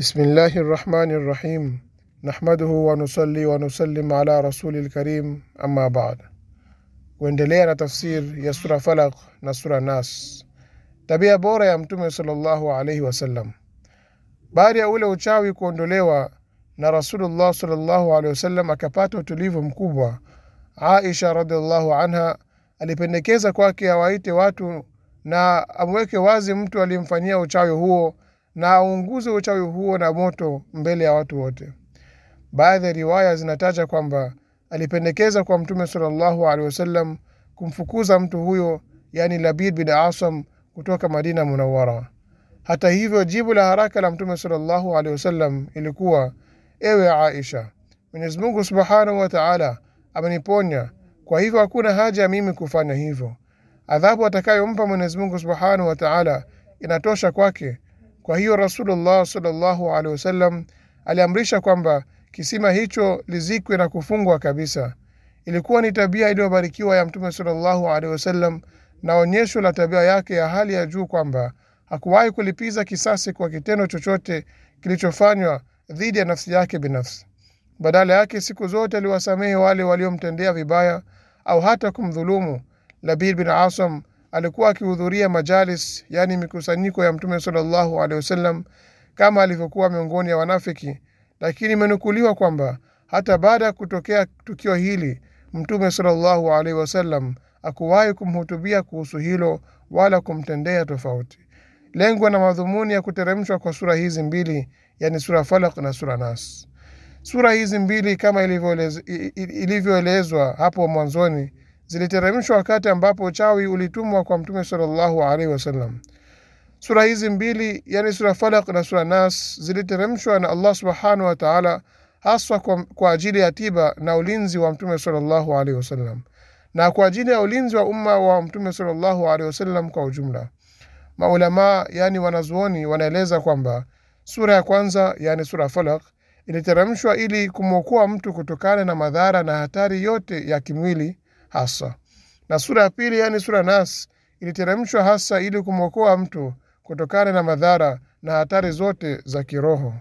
bismillahi rahmani rahim الرحيم نحمده ونصلي ونسلم rasuli lkarim الكريم أما kuendelea na tafsir ya sura Falaq na sura Nas, tabia bora ya Mtume sallallahu alaihi wasallam. Baada ya ule uchawi kuondolewa na Rasulullah sallallahu alaihi wasallam akapata utulivu mkubwa, Aisha radhiallahu anha alipendekeza kwake awaite watu na amweke wazi mtu aliyemfanyia uchawi huo na aunguze uchawi huo na moto mbele ya watu wote. Baadhi ya riwaya zinataja kwamba alipendekeza kwa Mtume sallallahu alaihi wasallam kumfukuza mtu huyo, yani Labid bin Asam kutoka Madina Munawara. Hata hivyo, jibu la haraka la Mtume sallallahu alaihi wasallam ilikuwa ewe Aisha, Mwenyezi Mungu subhanahu wa taala ameniponya, kwa hivyo hakuna haja ya mimi kufanya hivyo. Adhabu atakayompa Mwenyezi Mungu subhanahu wa taala inatosha kwake kwa hiyo Rasulullah sallallahu alaihi wasallam aliamrisha kwamba kisima hicho lizikwe na kufungwa kabisa. Ilikuwa ni tabia iliyobarikiwa ya Mtume sallallahu alaihi wasallam na onyesho la tabia yake ya hali ya juu kwamba hakuwahi kulipiza kisasi kwa kitendo chochote kilichofanywa dhidi ya nafsi yake binafsi. Badala yake, siku zote aliwasamehe wale waliomtendea vibaya au hata kumdhulumu. Labid bin Asam alikuwa akihudhuria majalis yani mikusanyiko ya mtume sallallahu alaihi wasallam kama alivyokuwa miongoni ya wanafiki lakini imenukuliwa kwamba hata baada ya kutokea tukio hili mtume sallallahu alaihi wasallam akuwahi kumhutubia kuhusu hilo wala kumtendea tofauti lengo na madhumuni ya kuteremshwa kwa sura hizi mbili yani sura falak na sura nas sura hizi mbili kama ilivyoelezwa hapo mwanzoni ziliteremshwa wakati ambapo uchawi ulitumwa kwa Mtume sallallahu alaihi wasallam. Sura hizi mbili, yani sura Falaq na sura Nas, ziliteremshwa na Allah subhanahu wa taala haswa kwa, kwa ajili ya tiba na ulinzi wa Mtume sallallahu alaihi wasallam na kwa ajili ya ulinzi wa umma wa Mtume sallallahu alaihi wasallam kwa ujumla. Maulamaa yani wanazuoni wanaeleza kwamba sura ya kwanza yani sura Falaq iliteremshwa ili kumwokoa mtu kutokana na madhara na hatari yote ya kimwili hasa na sura ya pili yani sura Nas iliteremshwa hasa ili kumwokoa mtu kutokana na madhara na hatari zote za kiroho.